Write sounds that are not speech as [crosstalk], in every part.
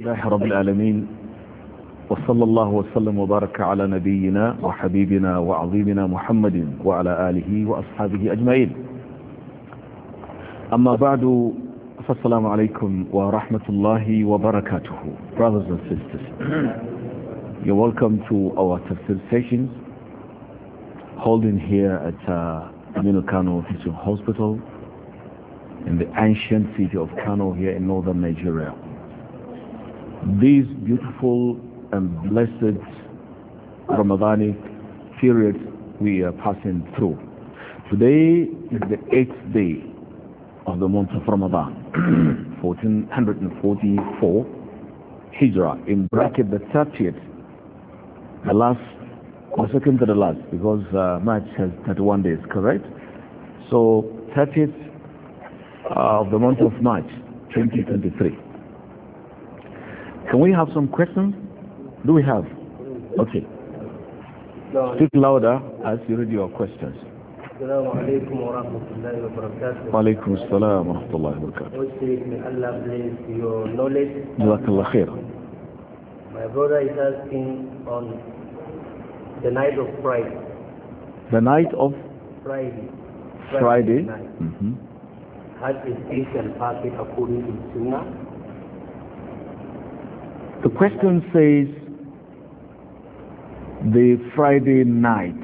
الله رب العالمين وصلى الله وسلم وبارك على نبينا وحبيبنا وعظيمنا محمد وعلى آله وأصحابه أجمعين أما بعد فالسلام عليكم ورحمة الله وبركاته Brothers and sisters You're welcome to our tafsir sessions holding here at uh, Aminu Kano Teaching Hospital in the ancient city of Kano here in northern Nigeria these beautiful and blessed Ramadanic period we are passing through. Today is the eighth day of the month of Ramadan, 1444 [clears throat] Hijrah, in bracket the 30th, the last, or second to the last, because uh, March has 31 days, correct? So 30th uh, of the month of March, 2023. Can we have some questions? Do we have? Okay. Speak louder as you read your questions. Assalamu rahmatullahi wa barakatuh. Wa alaikum assalam wa your knowledge. khair. My brother is asking on the night of Friday. The night of? Friday. Friday. Friday. Night. Mm -hmm. Had a special party according to Sunnah. The question says the Friday night.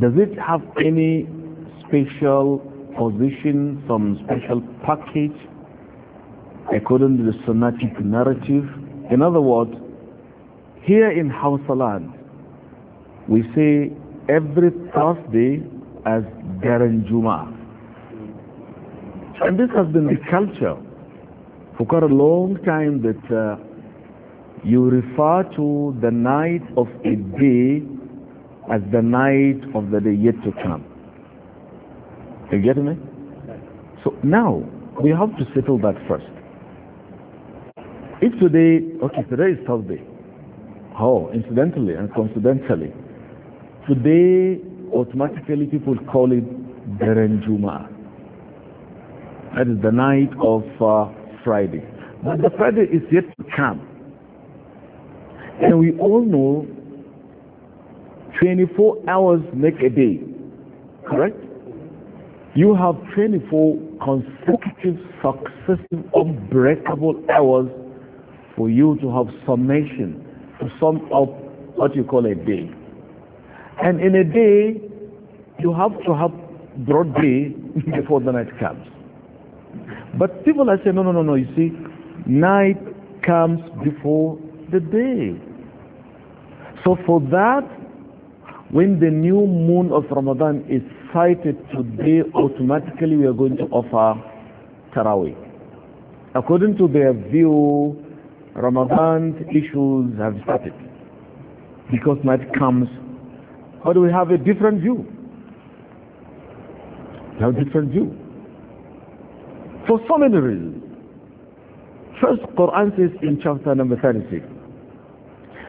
Does it have any special position, some special package according to the Sonatic narrative? In other words, here in Hausaland, we say every Thursday as Garan Juma. And this has been the culture for quite a long time that uh, you refer to the night of a day as the night of the day yet to come. You get me? So now, we have to settle that first. If today, okay, today is Thursday. Oh, incidentally and coincidentally, today automatically people call it Berenjuma. That is the night of uh, Friday. But the Friday is yet to come. And we all know 24 hours make a day, correct? You have 24 consecutive, successive, unbreakable hours for you to have summation, to sum up what you call a day. And in a day, you have to have broad day [laughs] before the night comes. But people are saying, no, no, no, no, you see, night comes before the day. So for that, when the new moon of Ramadan is sighted today, automatically we are going to offer Taraweeh. According to their view, Ramadan issues have started because night comes. But we have a different view. We have a different view. for so many reasons. First, Quran says in chapter number 36,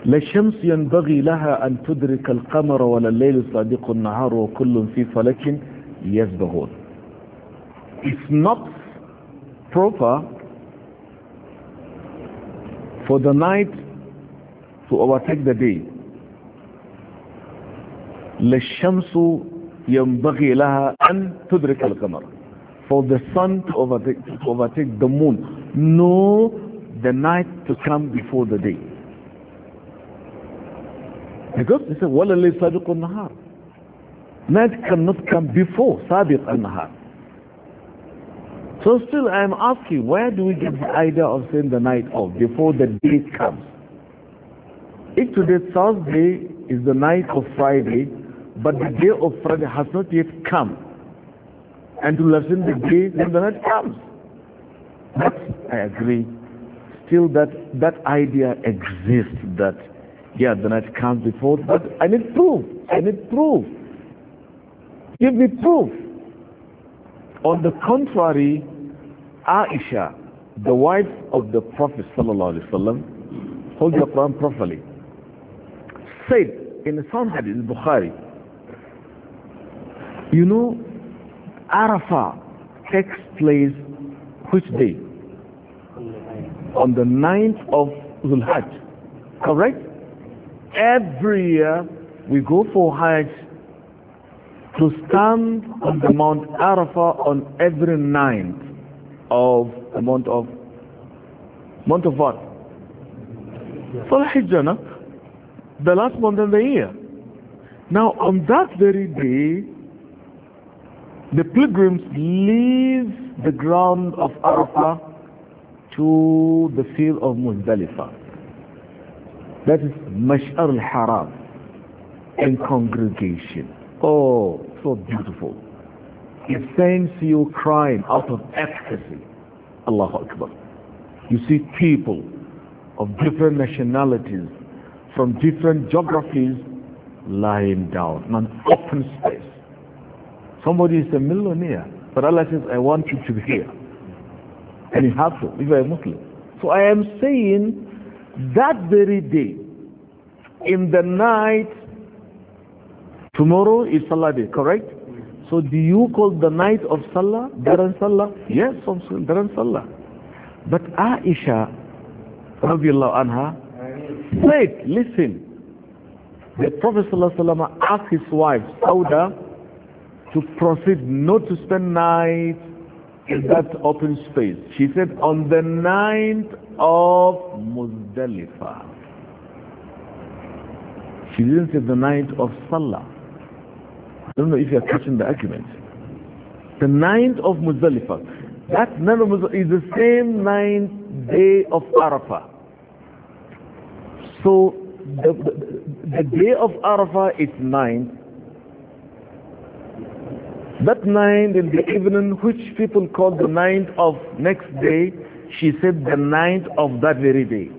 لَشَمْسُ يَنْبَغِي لَهَا أَن تُدْرِكَ الْقَمَرَ وَلَا اللَّيْلُ صَادِقُ النَّهَارُ وَكُلٌّ فِي فَلَكٍ يزبهون. It's not proper for the night to overtake the day. لشمس يَنْبَغِي لَهَا أَن تُدْرِكَ الْقَمَرَ for the sun to overtake, to overtake the moon, nor the night to come before the day. Because they said, وَلَلَيْ سَابِقُ النَّهَارِ Night cannot come before سَابِقُ النَّهَارِ so still I am asking, where do we get the idea of saying the night of before the day comes? If today Thursday is the night of Friday, but the day of Friday has not yet come, and to lessen the day when the night comes. But I agree. Still that that idea exists that yeah the night comes before but I need proof. I need proof. Give me proof. On the contrary, Aisha, the wife of the Prophet وسلم, hold your Quran properly, said in the Sahih al-Bukhari, you know, Arafah takes place which day? On the 9th of Zulhaj. Correct? Every year we go for Hajj to stand on the Mount Arafah on every 9th of the month of month of what? Salah the last month of the year. Now on that very day, the pilgrims leave the ground of Arafah to the field of Muzdalifah. That is Mash'ar al-Haram in congregation. Oh, so beautiful. It sends you crying out of ecstasy. Allahu Akbar. You see people of different nationalities, from different geographies, lying down in an open space Somebody is a millionaire, but Allah says, I want you to be here. And you have to, if you are a Muslim. So I am saying that very day, in the night, tomorrow is Salah day, correct? So do you call the night of Salah, Dharan Salah? Yes, Dharan Salah. But Aisha, radiallahu anha, said, listen, the Prophet asked his wife, Sauda, to proceed not to spend night in that open space. She said, on the ninth of Muzdalifah. She didn't say the night of Salah. I don't know if you're catching the argument. The ninth of Muzdalifah. That night of Muzdalifah is the same ninth day of Arafah. So the, the, the day of Arafah is ninth, that night in the evening, which people call the night of next day, she said the night of that very day.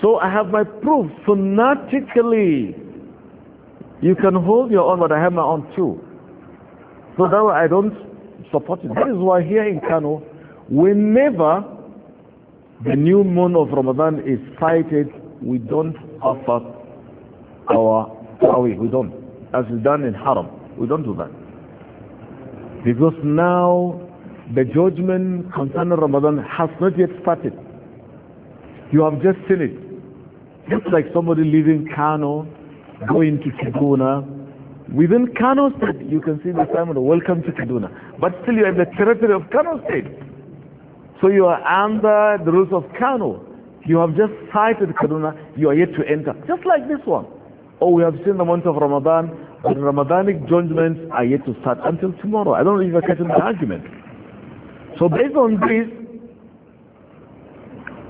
So I have my proof phonetically. You can hold your own, but I have my own too. So that way I don't support it. That is why here in Kano, whenever the new moon of Ramadan is sighted, we don't offer our Tarawih. We don't. As is done in Haram. We don't do that. Because now the judgment concerning Ramadan has not yet started. You have just seen it. Just like somebody leaving Kano, going to Kaduna. Within Kano State, you can see the sign welcome to Kaduna. But still you are in the territory of Kano State. So you are under the rules of Kano. You have just sighted Kaduna, you are yet to enter. Just like this one. Oh, we have seen the month of Ramadan, but Ramadanic judgments are yet to start until tomorrow. I don't know if you're catching the argument. So based on this,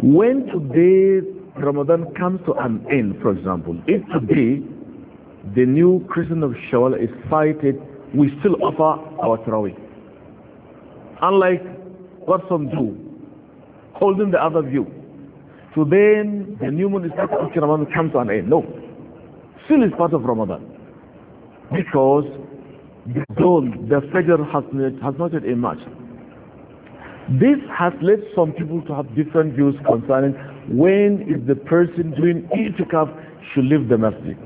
when today Ramadan comes to an end, for example, if today the new Christian of Shawwal is sighted, we still offer our Taraweeh. Unlike what some do, holding the other view. So then the new moon is not, Ramadan comes to an end. No. Still is part of Ramadan because the the federal has not, has not yet emerged. This has led some people to have different views concerning when is the person doing itikaf should leave the masjid.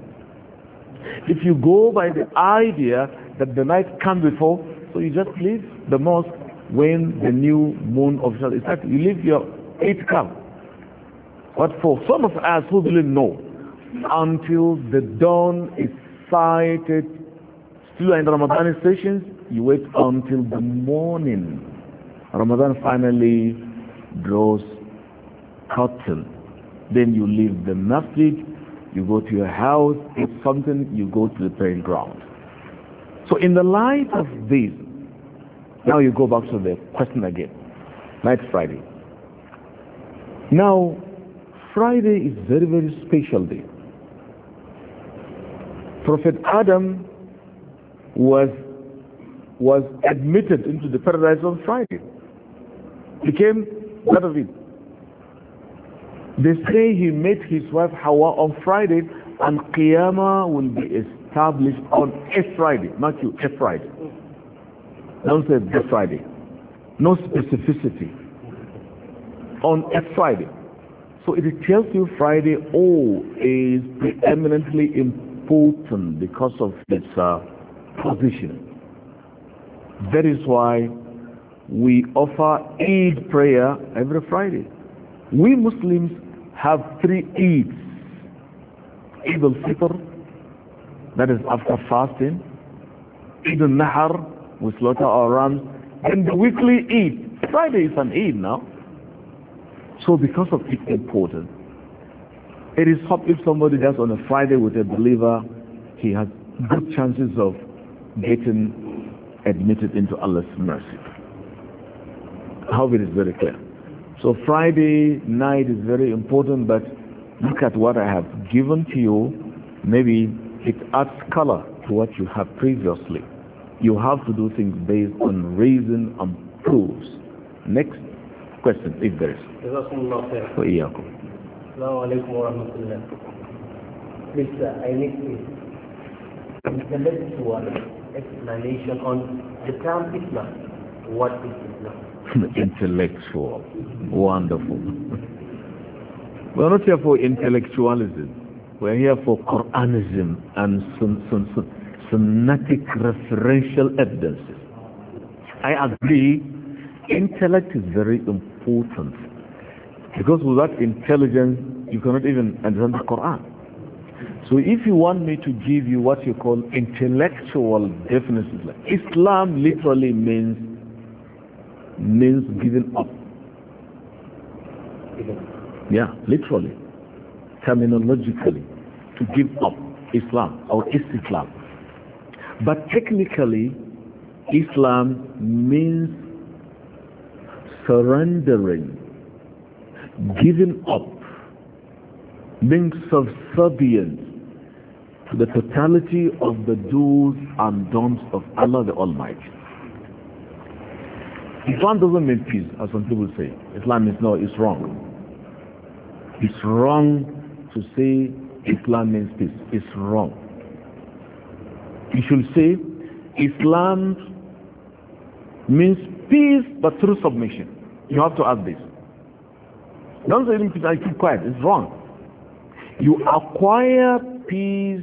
If you go by the idea that the night comes before, so you just leave the mosque when the new moon official is that You leave your itikaf. But for some of us who not know until the dawn is sighted Still in Ramadan stations, you wait until the morning. Ramadan finally draws curtain. Then you leave the masjid, you go to your house, eat something, you go to the praying ground. So in the light of this, now you go back to the question again. Night Friday. Now, Friday is very, very special day. Prophet Adam was was admitted into the paradise on Friday. Became part of it. They say he met his wife Hawa on Friday and Qiyamah will be established on a Friday. Not you, a Friday. Don't say the Friday. No specificity. On a Friday. So it tells you Friday, oh, is preeminently important because of its uh, position. That is why we offer Eid prayer every Friday. We Muslims have three Eids. Eid al-Fitr, that is after fasting. Eid al-Nahar, we slaughter our rams. And the weekly Eid. Friday is an Eid now. So because of its importance, it is hoped if somebody does on a Friday with a believer, he has good chances of getting admitted into Allah's mercy. I hope it is very clear. So Friday night is very important, but look at what I have given to you. Maybe it adds color to what you have previously. You have to do things based on reason and proofs. Next question, if there is. Please, I need to. The message was explanation on the term Islam. What is Islam? [laughs] Intellectual. Wonderful. We're not here for intellectualism. We're here for Quranism and sun, Sunnatic referential evidences. I agree, intellect is very important. Because without intelligence, you cannot even understand the Quran. So if you want me to give you what you call intellectual definitions, Islam literally means means giving up. Yeah, literally, terminologically, to give up Islam or Islam. But technically, Islam means surrendering, giving up being subservient to the totality of the do's and don'ts of Allah the Almighty. Islam doesn't mean peace, as some people say. Islam is no, it's wrong. It's wrong to say Islam means peace. It's wrong. You should say Islam means peace but through submission. You have to add this. Don't say I keep quiet. It's wrong. You acquire peace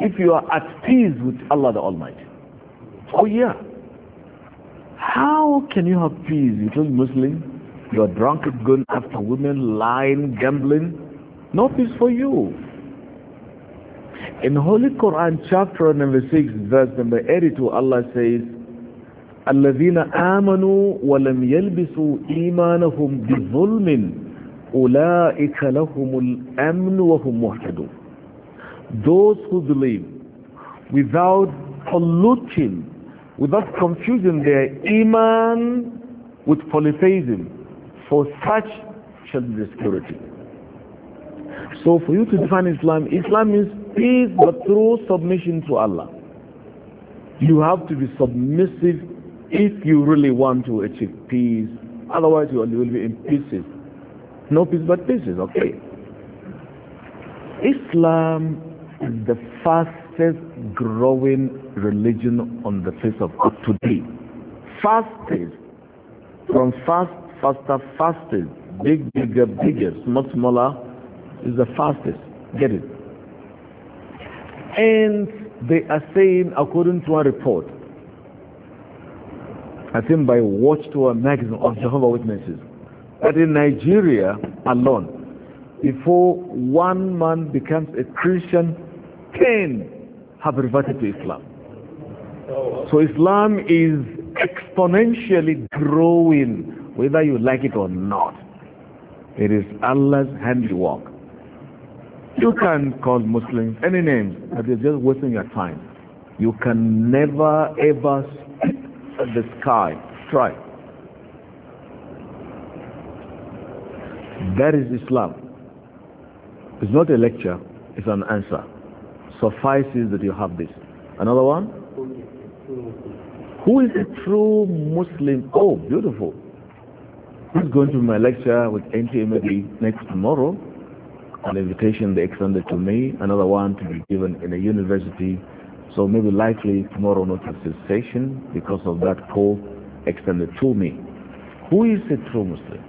if you are at peace with Allah the Almighty. Oh yeah. How can you have peace? You a Muslim, you are drunk, going after women, lying, gambling. No peace for you. In Holy Quran chapter number 6, verse number 82, Allah says, الَّذِينَ آمَنُوا وَلَمْ يَلْبِسُوا إِيمَانَهُمْ بِظُلْمٍ those who believe without polluting without confusing their iman with polytheism for such shall be the security so for you to define Islam Islam means peace but through submission to Allah you have to be submissive if you really want to achieve peace otherwise you will be in pieces no peace but peace is okay. Islam is the fastest growing religion on the face of earth today. Fastest. From fast, faster, fastest. Big, bigger, bigger, much, smaller is the fastest. Get it? And they are saying, according to a report, I think by Watchtower magazine of Jehovah Witnesses, that in Nigeria alone, before one man becomes a Christian, 10 have reverted to Islam. So Islam is exponentially growing, whether you like it or not. It is Allah's handiwork. You can call Muslims any names, but you're just wasting your time. You can never ever spit the sky. Try. That is Islam. It's not a lecture, it's an answer. Suffices that you have this. Another one? Who is a true Muslim? Oh, beautiful. Who's going to my lecture with NTMAB next tomorrow? An invitation they extended to me, another one to be given in a university. So maybe likely tomorrow not a cessation because of that call extended to me. Who is a true Muslim?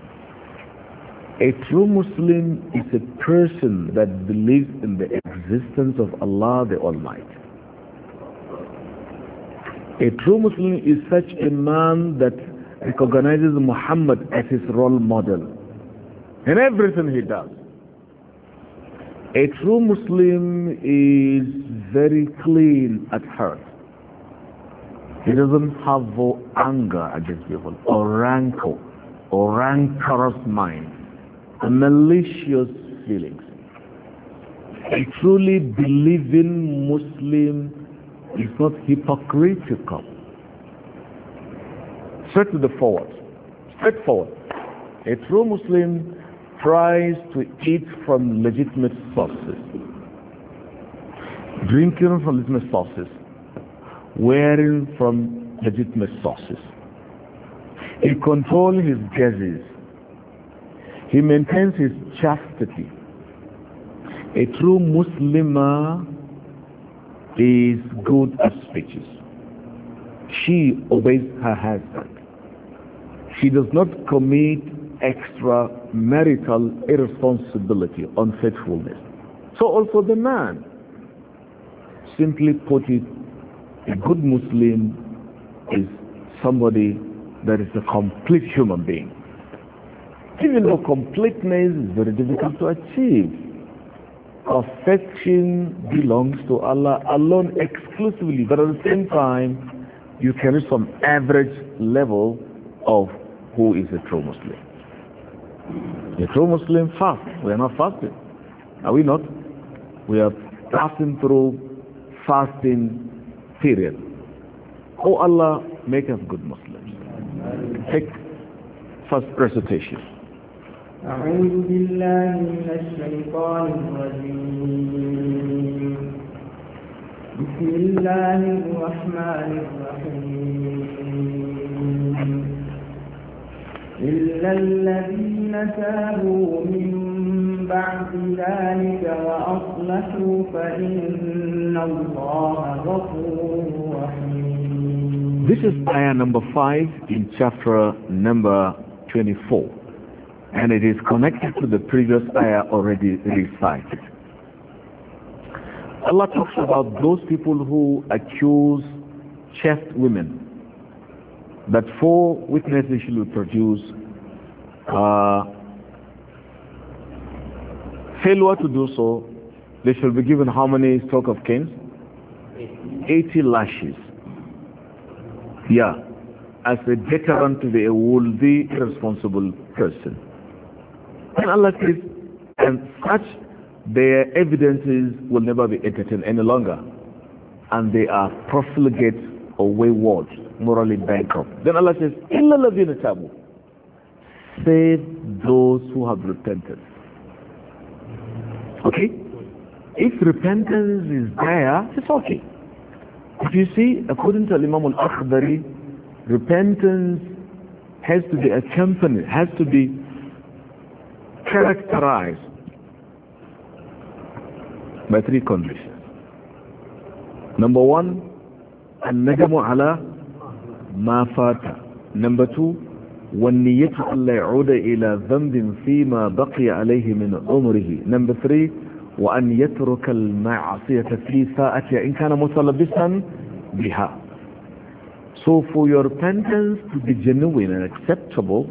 A true Muslim is a person that believes in the existence of Allah the Almighty. A true Muslim is such a man that recognizes Muhammad as his role model in everything he does. A true Muslim is very clean at heart. He doesn't have anger against people or rancor or rancorous mind malicious feelings. A truly believing Muslim is not hypocritical. Straight to the forward. Straightforward. A true Muslim tries to eat from legitimate sources, drinking from legitimate sources, wearing from legitimate sources. He controls his gazes he maintains his chastity. A true Muslimah is good at speeches. She obeys her husband. She does not commit extramarital irresponsibility, unfaithfulness. So also the man. Simply put it, a good Muslim is somebody that is a complete human being even though completeness is very difficult to achieve, perfection belongs to Allah alone exclusively. But at the same time, you can reach some average level of who is a true Muslim. A true Muslim fast. We are not fasting. Are we not? We are passing through fasting period. Oh Allah, make us good Muslims. Take first recitation. أعوذ بالله من الشيطان الرجيم بسم الله الرحمن الرحيم إلا الذين تابوا من بعد ذلك وأصلحوا فإن الله غفور رحيم This is ayah number 5 in chapter number 24 and it is connected to the previous ayah already recited. Allah talks about those people who accuse chaste women that four witnesses should produce uh, failure to do so they shall be given how many stroke of canes 80 lashes yeah as a deterrent to be a worldly irresponsible person and Allah says, and such their evidences will never be entertained any longer. And they are profligate or wayward, morally bankrupt. Then Allah says, Illa lavina tabu. Save those who have repented. Okay? If repentance is there, it's okay. If you see, according to Imam al-Akhbari, repentance has to be accompanied, has to be characterized by three conditions. Number one, الندم على ما فات. Number two, والنية ألا يعود إلى ذنب فيما بقي عليه من عمره. Number three, وأن يترك المعصية في ساعة إن كان متلبسا بها. So for your repentance to be genuine and acceptable,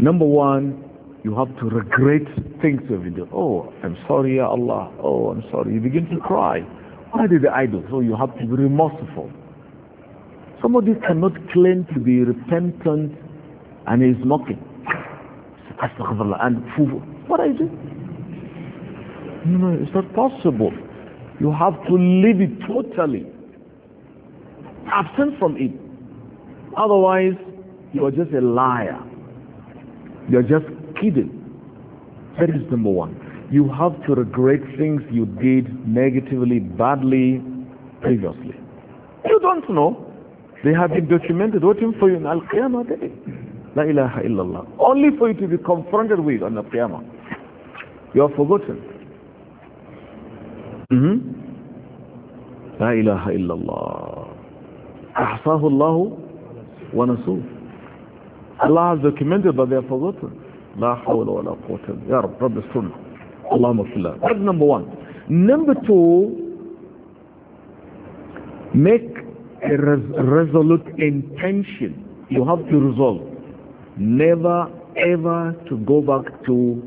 Number one, you have to regret things you have done. Oh, I'm sorry, Ya Allah. Oh, I'm sorry. You begin to cry. Why did I do? So you have to be remorseful. Somebody cannot claim to be repentant and is mocking. Astaghfirullah. And what are you doing? No, no, it's not possible. You have to leave it totally. Absent from it. Otherwise, you are just a liar. You're just kidding. That is number one. You have to regret things you did negatively, badly, previously. You don't know. They have been documented waiting for you in Al-Qiyamah day. La ilaha illallah. Only for you to be confronted with on the qiyamah You are forgotten. Mm -hmm. La ilaha illallah. أحصاه wa ونسوه Allah has documented but they are forgotten لا حول ولا قوة Ya Rabbi رب السنة اللهم that's number one number two make a res resolute intention you have to resolve never ever to go back to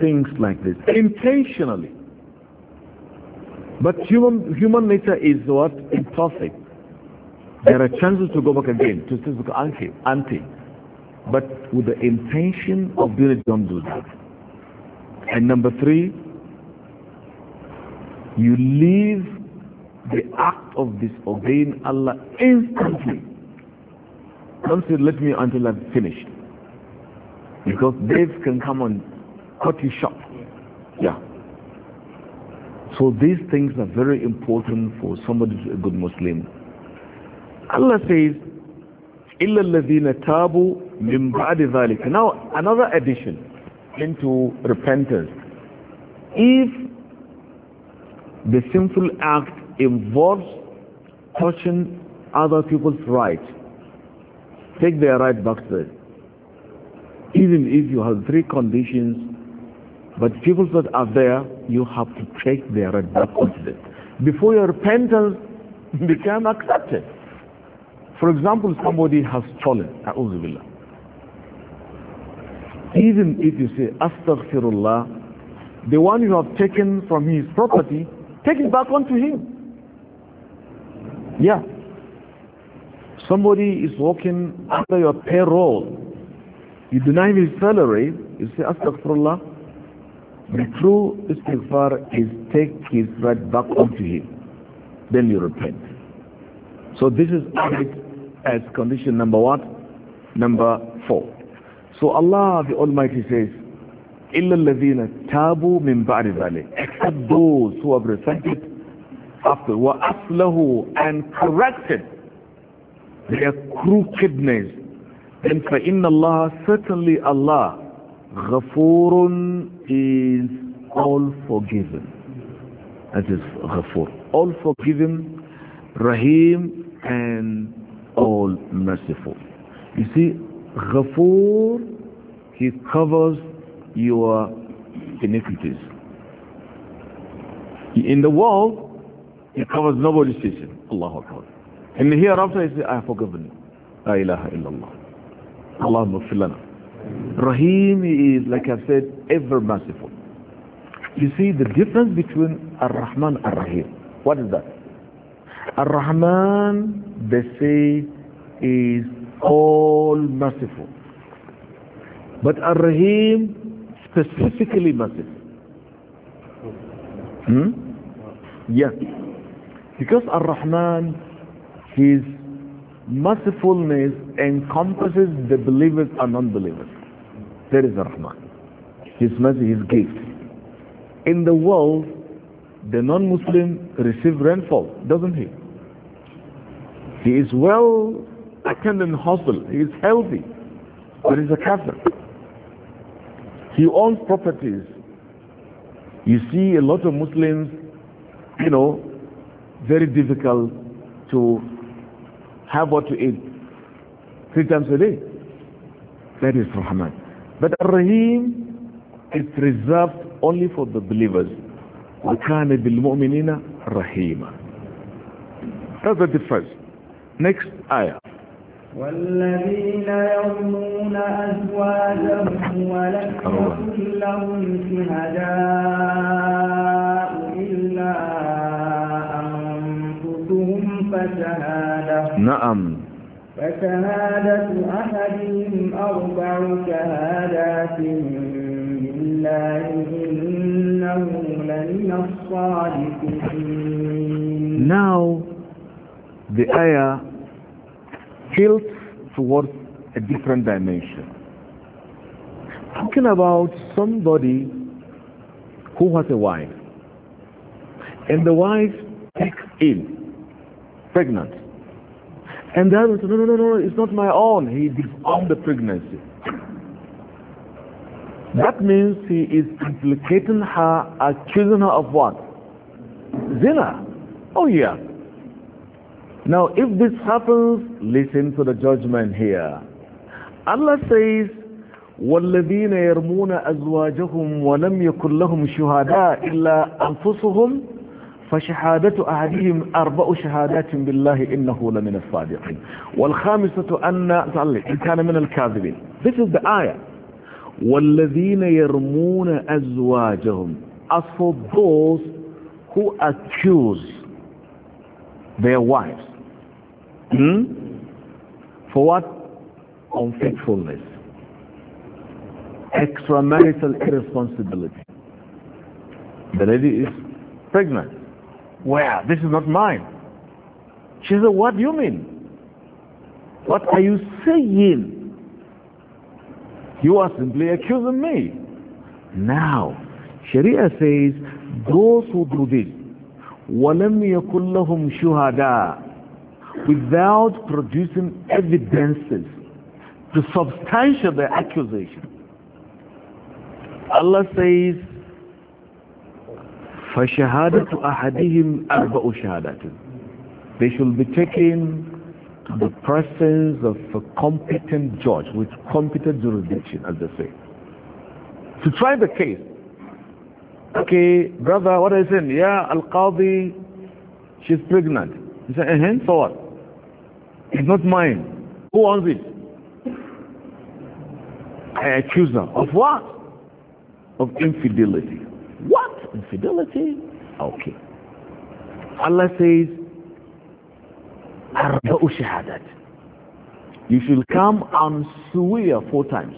things like this intentionally but human human nature is what imperfect there are chances to go back again to things like anti anti but with the intention of doing it, don't do that. And number three, you leave the act of disobeying Allah instantly. Don't say, let me until I've finished. Because death can come and cut you short. Yeah. So these things are very important for somebody to be a good Muslim. Allah says, Illa الَّذِينَ tabu مِنْ بَعْدِ Now, another addition into repentance. If the sinful act involves touching other people's rights, take their right back to Even if you have three conditions, but people that are there, you have to take their right back onto it Before your repentance become accepted. For example, somebody has stolen, a'udhu Even if you say, astaghfirullah, the one you have taken from his property, take it back onto him. Yeah. Somebody is working under your payroll. You deny his salary, you say, astaghfirullah. The true istighfar is take his right back onto him. Then you repent. So this is added as condition number what? Number four. So Allah the Almighty says, إِلَّا الَّذِينَ تَابُوا مِنْ بَعْدِ ذَلِكَ Except those who have repented after وَأَصْلَهُ and corrected their crookedness. Then فَإِنَّ اللَّهَ Certainly Allah غَفُورٌ is all forgiven. That is غَفُور. All forgiven, Rahim and all merciful. You see, Ghafoor, He covers your iniquities. In the world, He covers nobody's sin. Allahu Akbar. And hereafter, He says, I have forgiven you. La ilaha illallah. Allahumma filana. Rahim is, like i said, ever merciful. You see, the difference between Ar-Rahman and Ar-Rahim. What is that? Ar-Rahman, they say, is all merciful. But Ar-Rahim, specifically merciful. Hmm? Yes. Yeah. Because Ar-Rahman, his mercifulness encompasses the believers and non-believers. There is Ar-Rahman. His mercy, his gift. In the world, the non-Muslim receive rainfall, doesn't he? He is well in hospital, he is healthy, but he's a Catholic. He owns properties. You see a lot of Muslims, you know, very difficult to have what to eat three times a day. That is Rahman. But Ar-Rahim is reserved only for the believers. وكان بالمؤمنين رحيما هذا the Next آية والذين يرمون أزواجهم ولكن كلهم لهم شهداء إلا أنفسهم فشهادة نعم فشهادة أحدهم أربع شهادات بالله إلا Now, the ayah tilts towards a different dimension. Talking about somebody who has a wife, and the wife takes ill, pregnant, and the husband says, no, no, no, no, it's not my own. He disowned the pregnancy. That means he is implicating her, accusing her of what? Zina. Oh yeah. Now if this happens, listen to the judgment here. Allah says, والذين يرمون أزواجهم ولم يكن لهم شهداء إلا أنفسهم فشهادة أهدهم أربع شهادات بالله إنه لمن الصادقين والخامسة أن إن كان من الكاذبين This is the ayah والذين يرمون أزواجهم As for those who accuse their wives. Hmm? For what? Unfaithfulness. Extramarital irresponsibility. The lady is pregnant. Well, this is not mine. She said, what do you mean? What are you saying? You are simply accusing me. Now, Sharia says, those who do this, وَلَمْ يَكُلْ لَهُمْ Without producing evidences to substantiate the accusation. Allah says, فَشَهَادَةُ أَحَدِهِمْ أَرْبَأُ شَهَادَةٍ They should be taken the presence of a competent judge with competent jurisdiction, as they say, to try the case. Okay, brother, what are you saying? Yeah, Al Qadi, she's pregnant. He said, uh -huh, so what? It's not mine. Who owns it? I accuse her. Of what? Of infidelity. What? Infidelity? Okay. Allah says, arba'u shahadat you should come and swear four times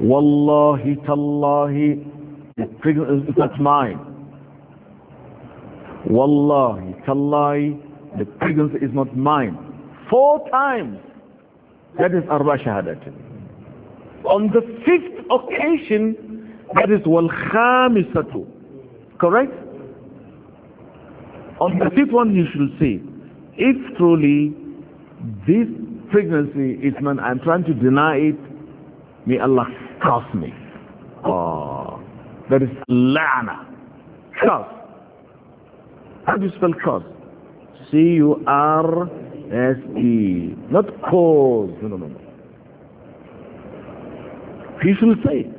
wallahi tallahi the is not mine wallahi tallahi the pregnancy is not mine four times that is arba shahadat on the fifth occasion that is wal khamisatu correct on the fifth one you should say if truly this pregnancy is man, I'm trying to deny it, may Allah curse me. Oh, that is la'na. Curse. How do you spell curse? C-U-R-S-E. Not cause. No, no, no. He should say,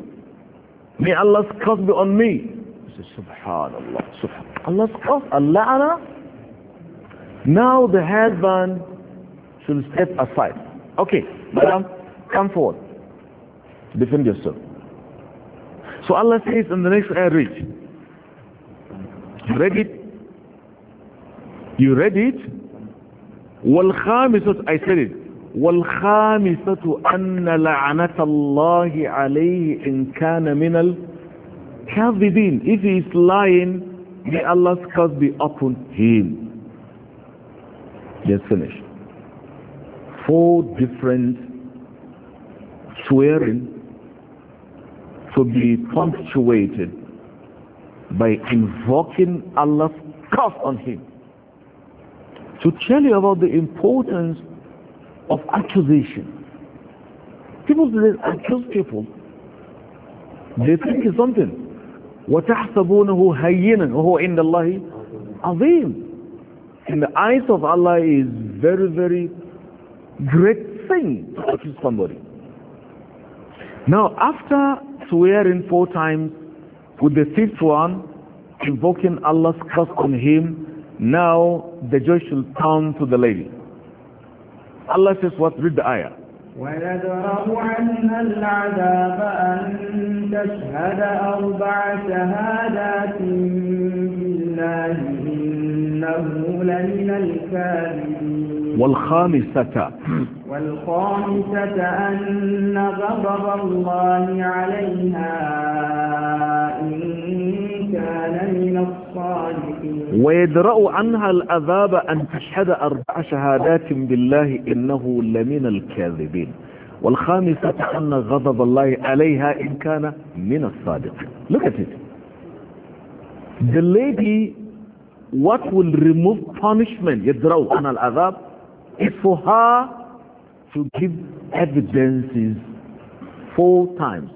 may Allah's curse be on me. He says, subhanallah, subhanallah. Allah's curse, Allah, now the husband should step aside. Okay, madam, come forward. Defend yourself. So Allah says in the next ayah, read. You read it? You read it? والخامسة I said it والخامسة أن لعنة الله عليه إن كان من الكاذبين if he is lying may Allah's curse be upon him just finished. Four different swearing to be punctuated by invoking Allah's curse on him. To tell you about the importance of accusation. People that accuse people, they think it's something. وَتَحْسَبُونَهُ هَيِّنًا وَهُوَ عِنْدَ اللَّهِ عَظِيمٌ in the eyes of Allah is very, very great thing to accuse somebody. Now, after swearing four times, with the fifth one, invoking Allah's curse on him, now the judge shall turn to the lady. Allah says what? Read the ayah. ويدرأ العذاب أن تشهد أربع شهادات بالله إنه لمن الكاذبين والخامسة والخامسة أن غضب الله عليها إن كان من الصادقين ويدرأ عنها العذاب أن تشهد أربع شهادات بالله إنه لمن الكاذبين والخامسة أن غضب الله عليها إن كان من الصادقين Look at it. The lady what will remove punishment, يَدْرَوْ عَنَ الْعَذَابِ is for her to give evidences four times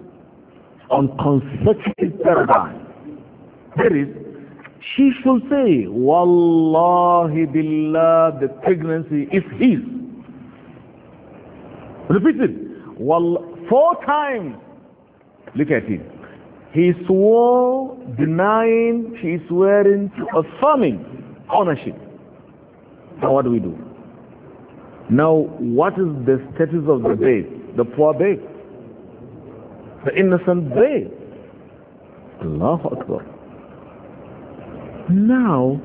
on consecutive paradigm. That is, she should say, Wallahi billah, the pregnancy is his. Repeat it. Wall four times. Look at it. He swore denying, he swearing to affirming ownership. Now what do we do? Now what is the status of the babe? The poor babe. The innocent babe. Allah Akbar. Now,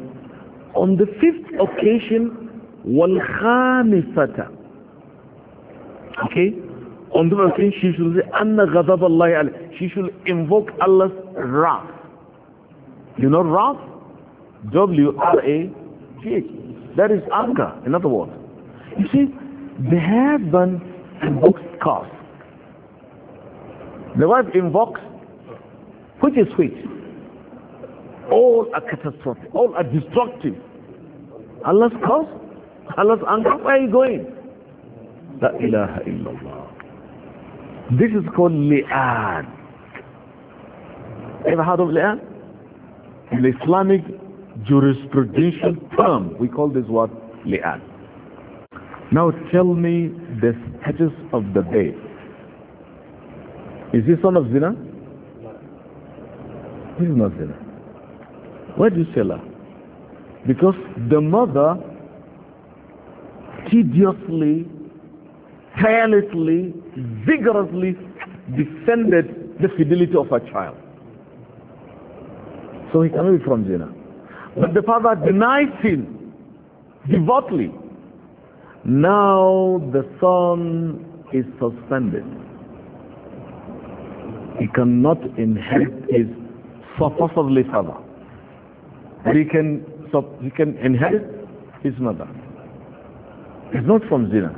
on the fifth occasion, والخامسة Okay? On the fifth occasion, she should say, أَنَّ غَضَبَ اللَّهِ عَلَيْهِ she should invoke Allah's wrath. You know wrath? W-R-A-T-H. That is anger, in other words. You see, the husband invokes cause. The wife invokes, which is which? All are catastrophic, all are destructive. Allah's curse, Allah's anger, where are you going? La ilaha illallah. This is called li'ad. Ever heard of that? In Islamic jurisprudential term, we call this what? Li'an. Now tell me the status of the babe. Is this son of zina? This is not zina. Why do you say that? Because the mother tediously, tirelessly, vigorously defended the fidelity of her child. So he cannot be from zina. But the father denies him devoutly. Now the son is suspended. He cannot inherit his supposedly father. But he can, he can inherit his mother. He's not from zina.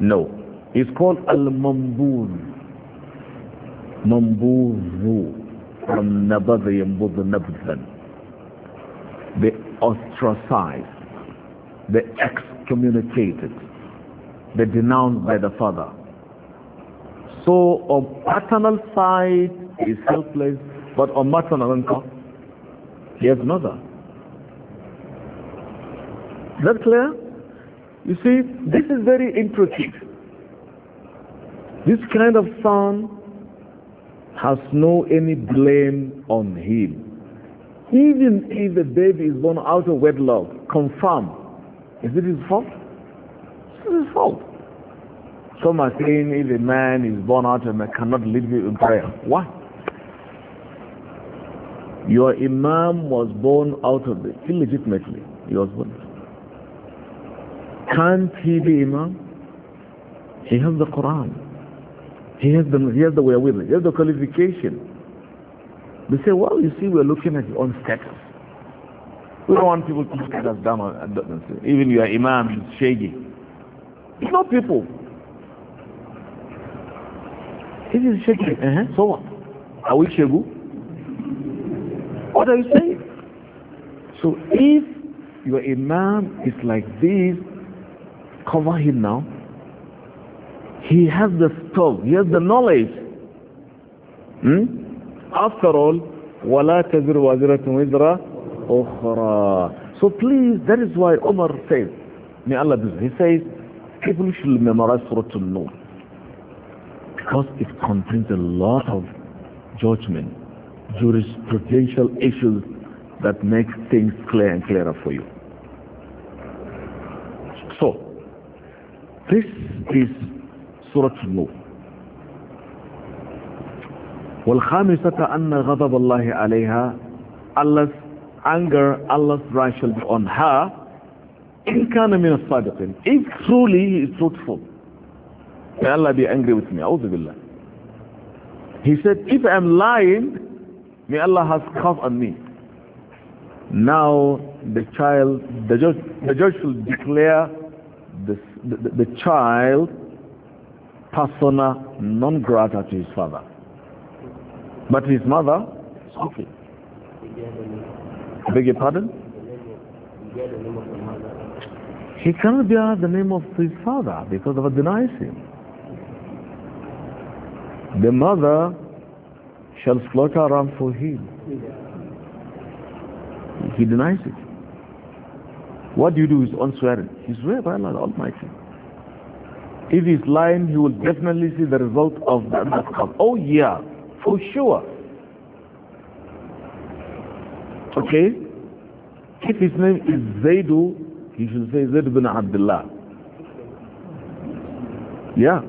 No. He's called Al-Mamboon. Mamboon from Nabadh Yambudh Nabdhan. They ostracized, they excommunicated, they denounced by the father. So on paternal side is helpless, but on maternal uncle, he has mother. Is that clear? You see, this is very intricate. This kind of son has no any blame on him. Even if the baby is born out of wedlock, confirm, is it his fault? It's his fault. Some are saying if a man is born out of and cannot lead you in prayer. Why? Your imam was born out of it, illegitimately. He was born. Can't he be imam? He has the Quran. He has the, he has the wherewithal. He has the qualification. They say, well, you see, we're looking at your own status. We don't want people to look at us down. Even your imam is shady. It's not people. It is shady. Uh -huh. So what? Are we shegu? What are you saying? So if your imam is like this, cover him now. He has the stove, he has the knowledge. Hmm? After all, وَلَا تذر وَازِرَةٌ وِزْرَ أُخْرَى So please, that is why Umar says, may Allah bless He says, people should memorize Surah An-Nur because it contains a lot of judgment, jurisprudential issues that make things clear and clearer for you. So, this is سورة النور والخامسة أن غضب الله عليها Allah's anger, Allah's wrath shall be on her إن كان من الصادقين if truly he is truthful may Allah be angry with me أعوذ بالله he said if I'm lying may Allah has cough on me now the child the judge, the judge will declare this, the, the, the child persona non grata to his father. But his mother, okay. I beg your pardon? He cannot bear the name of his father because of denies him. The mother shall slaughter ram for him. He denies it. What do you do with on swearing? He by Allah Almighty. If he's lying, he will definitely see the result of that outcome. Oh yeah, for sure. Okay? If his name is Zaidu, he should say Zaid bin Abdullah. Yeah,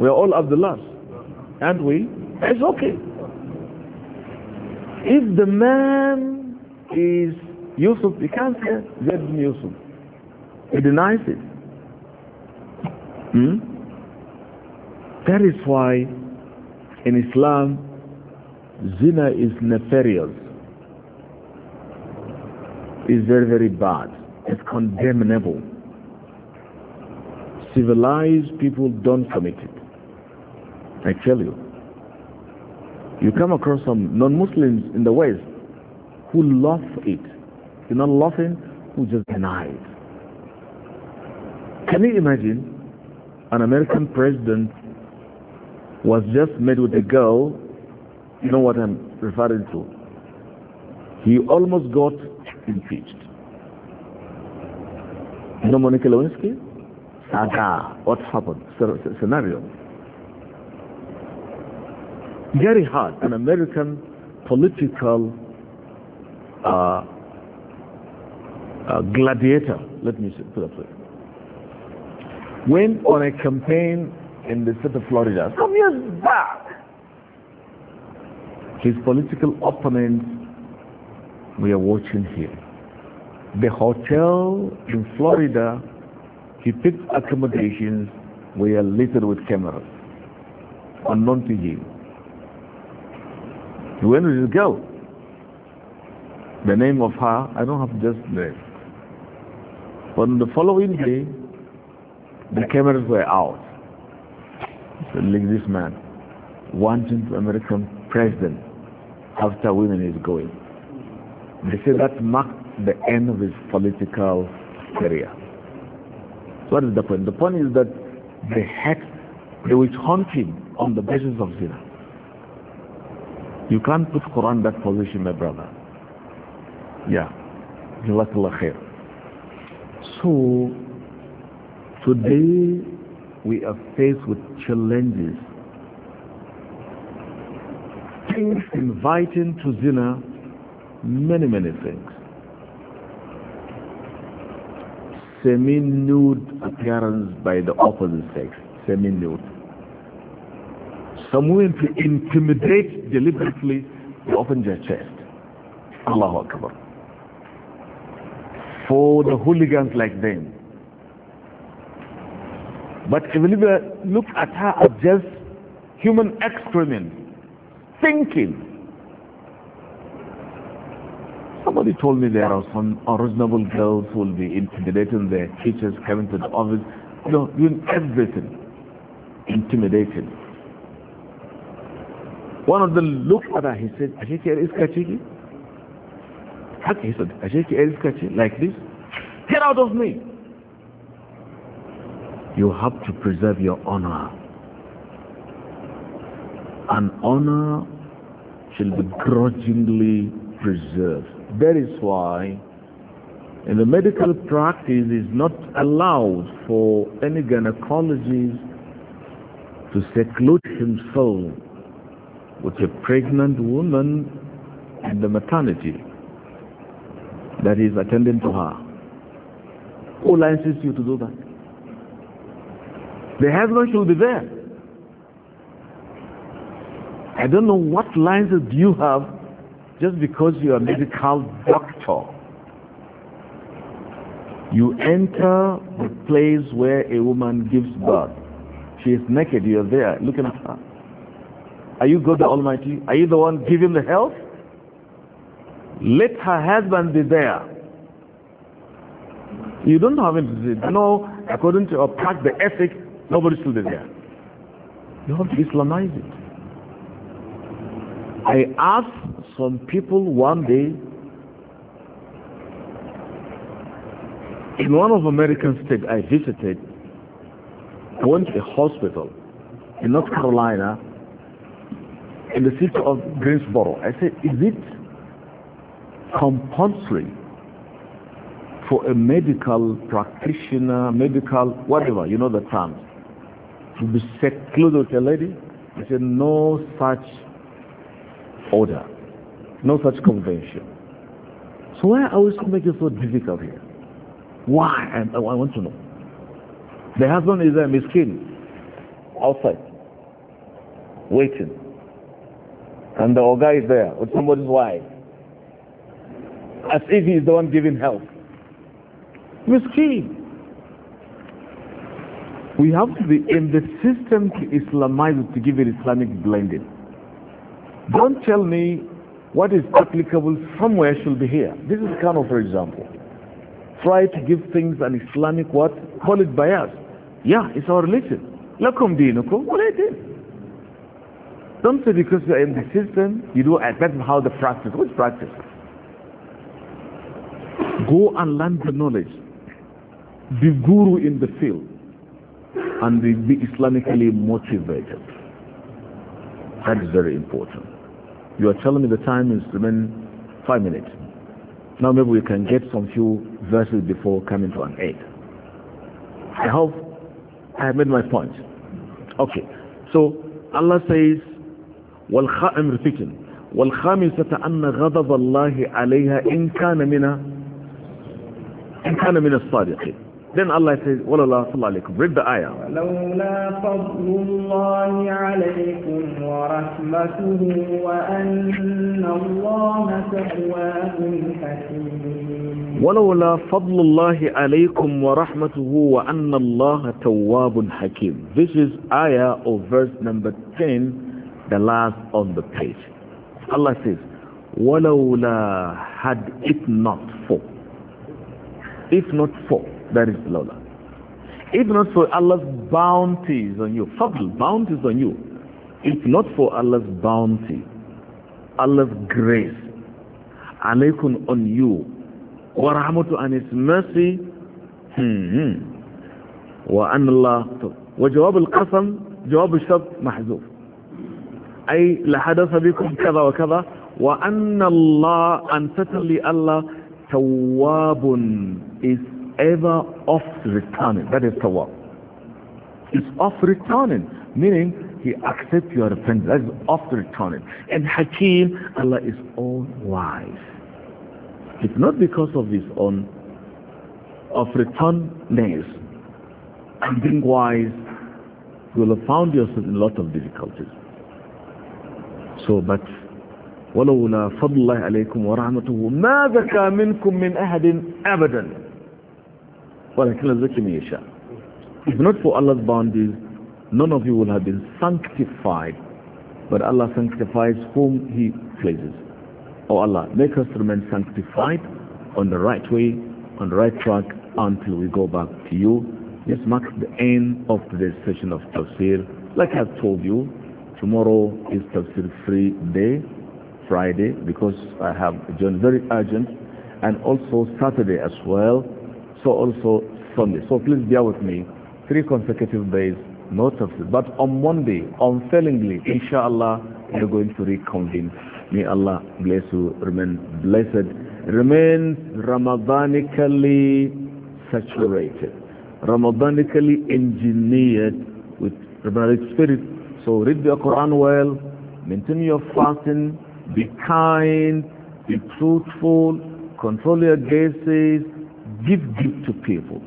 we are all Abdullahs. aren't we, it's okay. If the man is Yusuf, he can't say Zaid bin Yusuf. He denies it. Hmm? That is why in Islam, zina is nefarious. It's very, very bad. It's condemnable. Civilized people don't commit it. I tell you. You come across some non-Muslims in the West who love it. You're not laughing, who just deny it. Can you imagine? an American president was just met with a girl, you know what I'm referring to. He almost got impeached. You know Monica Lewinsky? Saga. What happened? Scenario. Gary Hart, an American political uh, uh, gladiator, let me put it that way went on a campaign in the state of Florida some years back. His political opponents were watching him. The hotel in Florida, he picked accommodations were littered with cameras, unknown to him. He went with his girl. The name of her, I don't have just name. On the following day, the cameras were out. So like this man, wanting to American president after women is going. They say that marked the end of his political career. So what is the point? The point is that they had, they will hunting on the basis of zina. You can't put Quran in that position, my brother. Yeah. Jazakallah khair. So Today, we are faced with challenges. Things inviting to zina, many, many things. Semi-nude appearance by the opposite sex, semi-nude. Some women intimidate deliberately, the open their chest. Allahu Akbar. For the hooligans like them, but if we look at her as just human excrement, thinking. Somebody told me there are some unreasonable girls who will be intimidating their teachers coming to the office, you know, doing everything. Intimidating. One of them looked at her, he said, Ashiki Eriska Chiki? He said, Ashiki Eriska Chiki, like this? Get out of me! you have to preserve your honor. And honor shall be grudgingly preserved. That is why in the medical practice it is not allowed for any gynecologist to seclude himself with a pregnant woman in the maternity that is attending to her. Who licenses you to do that? The have will be there. I don't know what license do you have just because you are a medical doctor. You enter the place where a woman gives birth. She is naked. You are there looking at her. Are you God the Almighty? Are you the one giving the health? Let her husband be there. You don't have anything. No, according to our practice, the ethic, Nobody stood there. You have to Islamize it. I asked some people one day in one of American states I visited, I went to a hospital in North Carolina in the city of Greensboro. I said, is it compulsory for a medical practitioner, medical, whatever, you know the terms, to be secluded with a lady? He said, no such order, no such convention. So why are we making it so difficult here? Why? And I want to know. The husband is a uh, miskin outside, waiting. And the old guy is there with somebody's wife. As if he's the one giving help. Miskin. We have to be in the system to Islamize it, to give it Islamic blending. Don't tell me what is applicable somewhere should be here. This is Kano, for example. Try to give things an Islamic what? Call it bias. Yeah, it's our religion. Lakum dinukum, what I did. Don't say because you're in the system, you do that's how the practice. What practice? Go and learn the knowledge. Be guru in the field and will be Islamically motivated. That is very important. You are telling me the time is remaining five minutes. Now maybe we can get some few verses before coming to an end. I hope I have made my point. Okay. So Allah says, I'm repeating, والخامسة أن غضب الله عليها إن كان من إن كان من الصادقين then Allah says, وَلَوْلَا صَلَّى عَلَيْكُمْ Read the ayah. وَلَوْلَا فَضْلُ اللَّهِ عَلَيْكُمْ وَرَحْمَتُهُ وَأَنَّ اللَّهَ تَوَّابٌ حَكِيمٌ وَلَوْلَا فَضْلُ اللَّهِ عَلَيْكُمْ وَرَحْمَتُهُ وَأَنَّ اللَّهَ تَوَّابٌ حَكِيمٌ This is ayah or verse number 10, the last on the page. Allah says, وَلَوْلَا had it not for. If not for. That is lawla. If not for Allah's bounties on you, fadl, bounties on you. If not for Allah's bounty, Allah's grace, alaykum on you, wa rahmatu and His mercy, hmm, hmm, wa an Allah, wa jawab al-qasam, jawab al-shab, mahzuf. أي لحدث بكم كذا وكذا Wa الله أن certainly Allah تواب is ever off returning. That is word. It's off returning, meaning he accepts your repentance. That is off returning. And Hakim, Allah is all wise. It's not because of his own of returnness and being wise, you will have found yourself in a lot of difficulties. So, but ولولا فضل الله عليكم ورحمته ما ذكى منكم من أحد أبدا if not for Allah's bounties, none of you will have been sanctified, but Allah sanctifies whom He pleases. Oh Allah, make us remain sanctified on the right way, on the right track, until we go back to you. This marks the end of today's session of Tafsir. Like I've told you, tomorrow is Tafsir free day, Friday, because I have a very urgent, and also Saturday as well so also Sunday. So please bear with me. Three consecutive days, no substitute. But on Monday, unfailingly, inshallah, we're going to reconvene. May Allah bless you, remain blessed, remain Ramadanically saturated, Ramadanically engineered with Ramadanic spirit. So read the Quran well, maintain your fasting, be kind, be truthful, control your gases, give gift to people.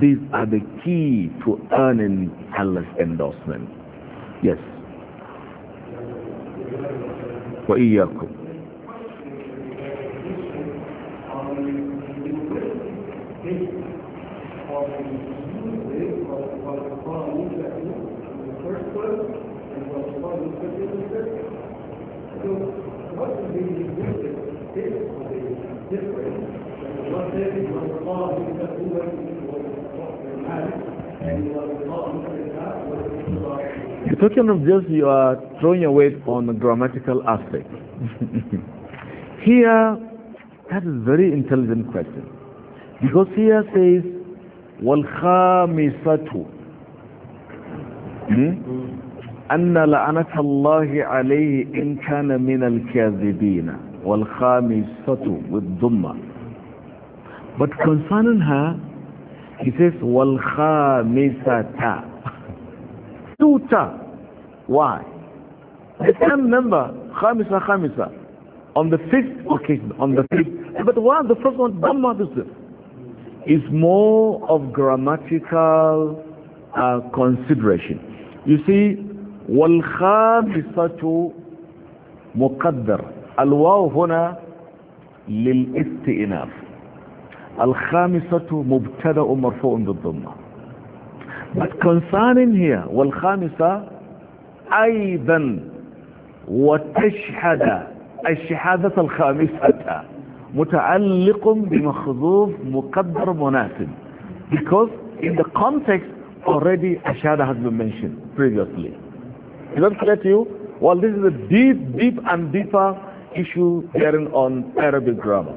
These are the key to earning Allah's endorsement. Yes. وإياكم You're talking of just you are throwing away on the grammatical aspect. here, that is a very intelligent question. Because here says, وَالْخَامِسَةُ أَنَّ لَعَنَةَ اللَّهِ عَلَيْهِ إِنْ كَانَ مِنَ الْكَاذِبِينَ وَالْخَامِسَةُ with dhumma. But concerning her, he says, Walkhamisata. [laughs] Tuta. Why? The same number, Khamisa Khamisa, on the fifth occasion, on the fifth. But why the first one, Dhamma Dusuf, is more of grammatical uh, consideration. You see, والخامسة al الواو li'l للاستئناف الخامسة مبتدا مرفوع بالضمة but concerning here والخامسة أيضا وتشهد الشهادة الخامسة متعلق بمخذوف مقدر مناسب because in the context already shahada has been mentioned previously is that clear to you well this is a deep deep and deeper issue bearing on Arabic grammar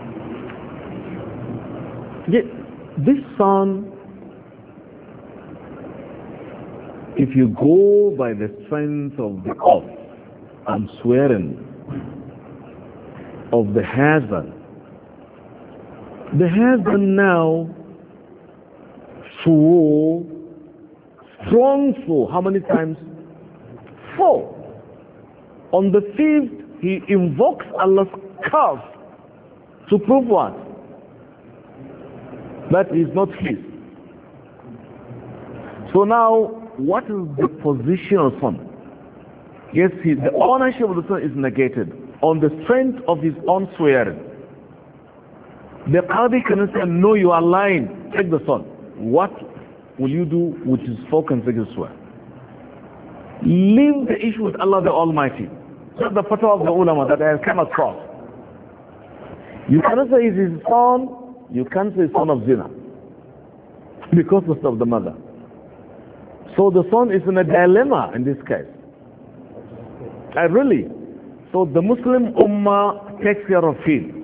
This son, if you go by the strength of the oath and swearing of the husband, the husband now swore strong swore. How many times? Four. On the fifth, he invokes Allah's curse to prove what? That is not his. So now, what is the position of son? Yes, he, the ownership of the son is negated on the strength of his own swearing. The Qadi can say, no, you are lying. Take the son. What will you do with his four consecutive swear? Leave the issue with Allah the Almighty. That's the fatwa of the ulama that I have come across. You cannot say is his son You can't say son of zina because of the mother. So the son is in a dilemma in this case. I uh, really. So the Muslim Ummah takes care of him.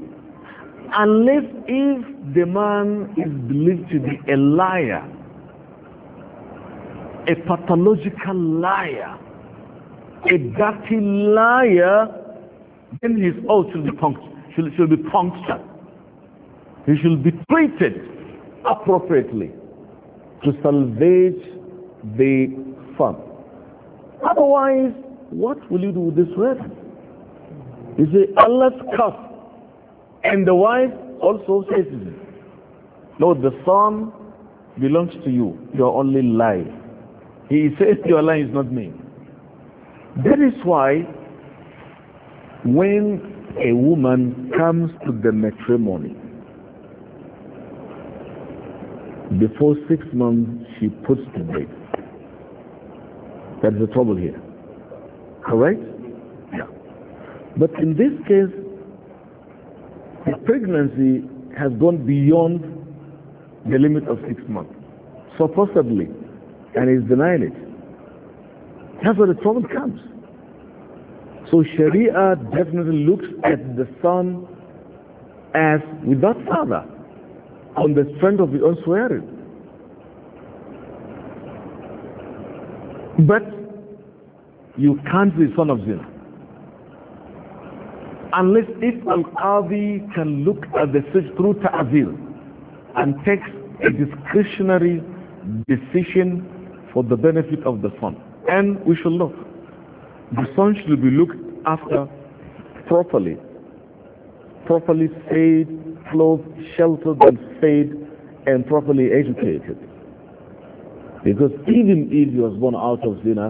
Unless if the man is believed to be a liar, a pathological liar, a dirty liar, then his oath should be punctured. Should, should be punctured he should be treated appropriately to salvage the farm. Otherwise, what will you do with this weapon? You say, Allah's curse. And the wife also says No, Lord, the son belongs to you, your only life. He says your life is not me. That is why when a woman comes to the matrimony, before six months she puts to bed. That's the trouble here. Correct? Yeah. But in this case, the pregnancy has gone beyond the limit of six months, supposedly, and is denying it. That's where the trouble comes. So Sharia definitely looks at the son as without father on the strength of his own swearing. But you can't be son of zina. Unless if Al-Qadi can look at the search through ta'zil and take a discretionary decision for the benefit of the son. And we should look. The son should be looked after properly. Properly said clothed, sheltered, and fed, and properly educated. Because even if he was born out of zina,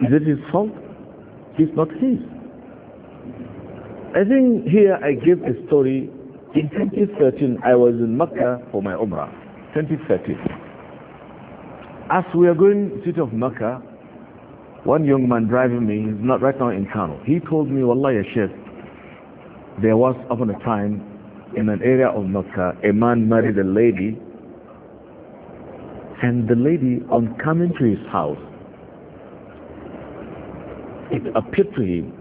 is it his fault? It's not his. I think here I give a story. In 2013, I was in Mecca for my Umrah. 2013. As we are going to the city of Mecca, one young man driving me, he's not right now in Kano, he told me, Wallahi, Sheikh, there was upon a time in an area of Mecca, a man married a lady, and the lady, on coming to his house, it appeared to him,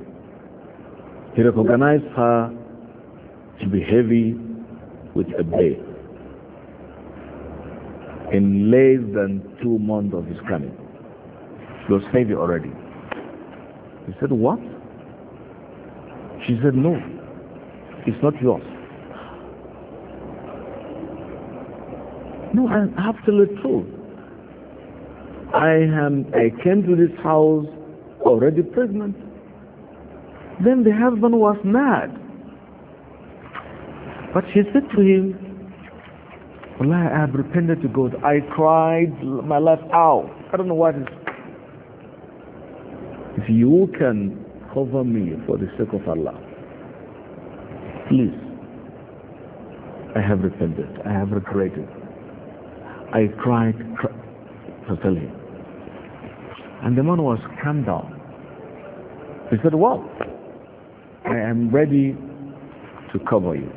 he recognized her to be heavy with a babe in less than two months of his coming. She was heavy already. He said, what? She said, no, it's not yours. No, an absolute truth. I am. I came to this house already pregnant. Then the husband was mad. But she said to him, Allah, I have repented to God. I cried my life out. I don't know what is. If you can cover me for the sake of Allah, please. I have repented. I have regretted. I cried to tell him. And the man was calmed down. He said, well, I am ready to cover you.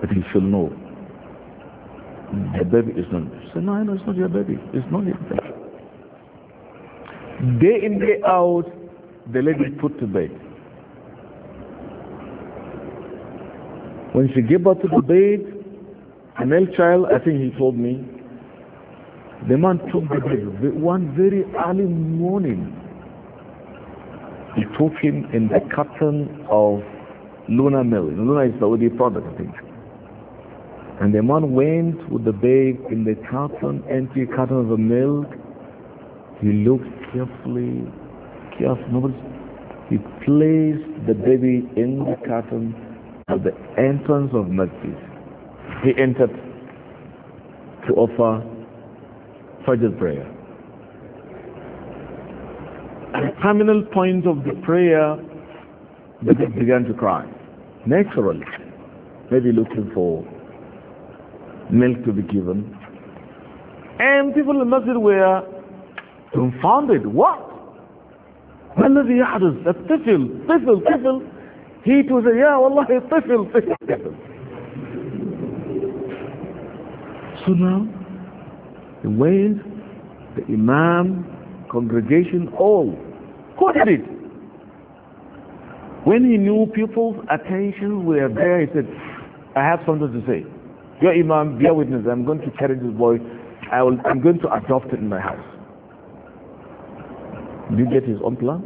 But you should know, the baby is not. He said, no, no, it's not your baby. It's not your baby. Day in, day out, the lady put to bed. When she gave birth to the baby. A male child, I think he told me, the man took the baby one very early morning. He took him in the carton of Luna milk. Luna is the only product, I think. And the man went with the babe in the carton, empty carton of the milk. He looked carefully, carefully. He placed the baby in the carton at the entrance of Masjid he entered to offer Fajr prayer. At the terminal point of the prayer, the kid began to cry, naturally, maybe looking for milk to be given. And people in Masjid were confounded. What? الذي يحدث الطفل طفل طفل he too said, yeah والله طفل طفل sunnah, the ways, the imam, congregation, all quoted it. When he knew people's attention were there, he said, I have something to say. Your imam, bear witness, I'm going to carry this boy. I will, I'm going to adopt it in my house. Did you get his own plan?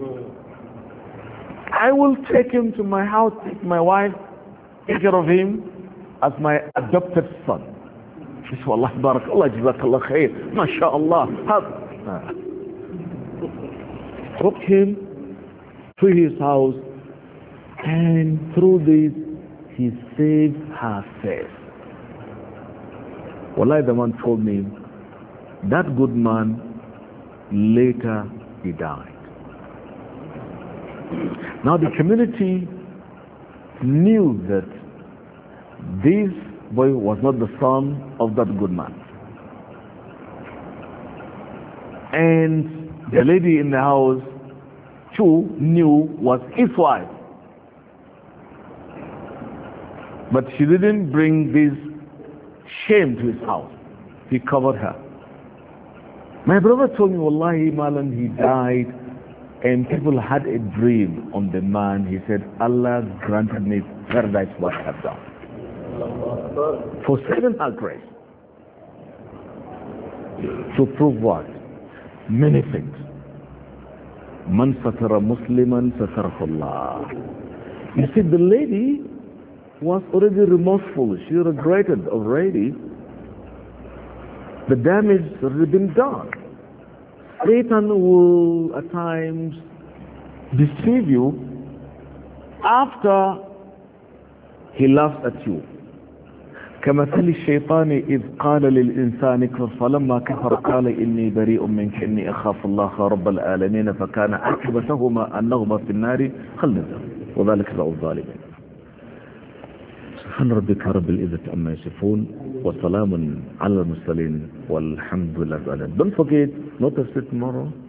I will take him to my house, take my wife, take care of him as my adopted son. She said, Wallah, barakallah, jazakallah khair, mashallah, have. Took him to his house and through this he saved her face. Wallah, the man told me that good man later he died. Now the community knew that this boy was not the son of that good man. And the lady in the house, too, knew was his wife. But she didn't bring this shame to his house. He covered her. My brother told me, Wallahi, Malan, he died, and people had a dream on the man. He said, Allah granted me paradise what I have done. For seven halpress. To prove what? Many things. Man satara musliman satarahullah. You see, the lady was already remorseful. She regretted already the damage that had been done. Satan will at times deceive you after he laughs at you. كمثل الشيطان إذ قال للإنسان اكفر فلما كفر قال إني بريء منك إني أخاف الله رب العالمين فكان أكبتهما أنهما في النار خلدا وذلك ذو الظالمين سبحان ربك رب الإذة عما يصفون وسلام على المرسلين والحمد لله بل فقيت not ست مره